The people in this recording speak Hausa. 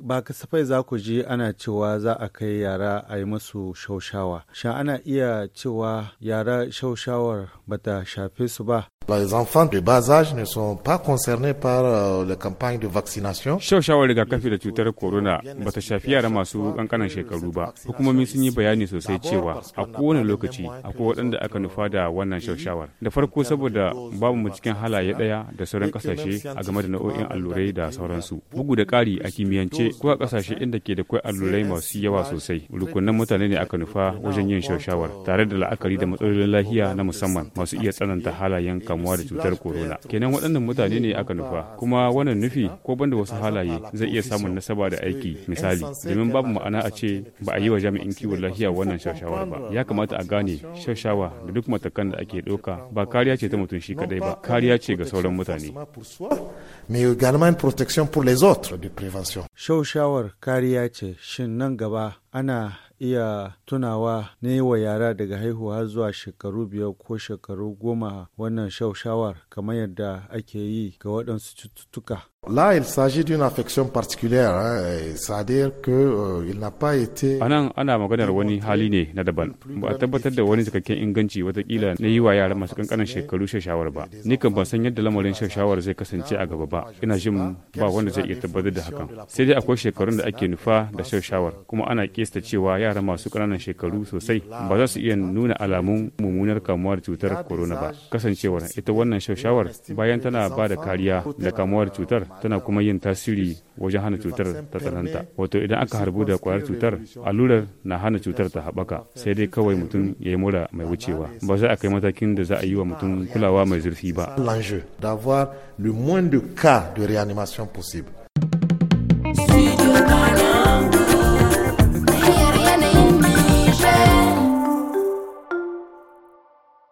ba kasafai za ku ji ana cewa za a kai yara a yi masu shaushawa sha ana iya cewa yara shaushawar ba ta shafe su ba Les enfants de bas âge ne sont pas concernés par euh, la campagne de vaccination. Shaushawar rigakafi da cutar corona ba ta shafi yara masu kankanan shekaru ba. Hukumomi sun yi bayani sosai cewa a kowane lokaci akwai waɗanda aka nufa da wannan shaushawar. Da farko saboda babu mu cikin halaye ɗaya da sauran ƙasashe a game da nau'o'in allurai da sauransu. Bugu da ƙari a kimiyyance ko a ƙasashe inda ke da kwai allurai masu yawa sosai. Rukunan mutane ne aka nufa wajen yin shaushawar tare da la'akari da matsalolin lafiya na musamman masu iya tsananta halayen kamu kamuwa da cutar corona kenan waɗannan mutane ne aka nufa kuma wannan nufi ko banda wasu halaye zai iya samun nasaba da aiki misali domin babu ma'ana a ce ba a yi wa jami'in kiwon lafiya wannan shashawa ba ya kamata a gane shashawa da duk matakan da ake ɗauka ba kariya ce ta mutum shi kadai ba kariya ce ga sauran mutane shaushawar kariya ce shin nan gaba ana iya tunawa ne wa yara daga haihuwa zuwa shekaru biyar ko shekaru goma wannan shawar kamar yadda ake yi ga waɗansu cututtuka. Là, il s'agit d'une affection particulière, c'est-à-dire que euh, il n'a pas été. Anan ana maganar wani hali ne na daban. Ba a tabbatar da wani cikakken inganci watakila na yi wa yara masu kankanan shekaru shashawar ba. Ni kan ban san yadda lamarin shashawar zai kasance a gaba ba. Ina jin ba wanda zai iya tabbatar da hakan. Sai dai akwai shekarun da ake nufa da shashawar, kuma ana kesta cewa yara yara masu ƙananan shekaru sosai ba za su iya nuna alamun mummunar kamuwar cutar corona ba kasancewar ita wannan shawar bayan tana ba da kariya da kamuwar cutar tana kuma yin tasiri wajen hana cutar ta tsananta wato idan aka harbu da kwayar cutar allurar na hana cutar ta haɓaka sai dai kawai mutum ya yi mura mai wucewa ba za a kai matakin da za a yi wa mutum kulawa mai zurfi ba. L'enjeu d'avoir le moins de cas de réanimation possible.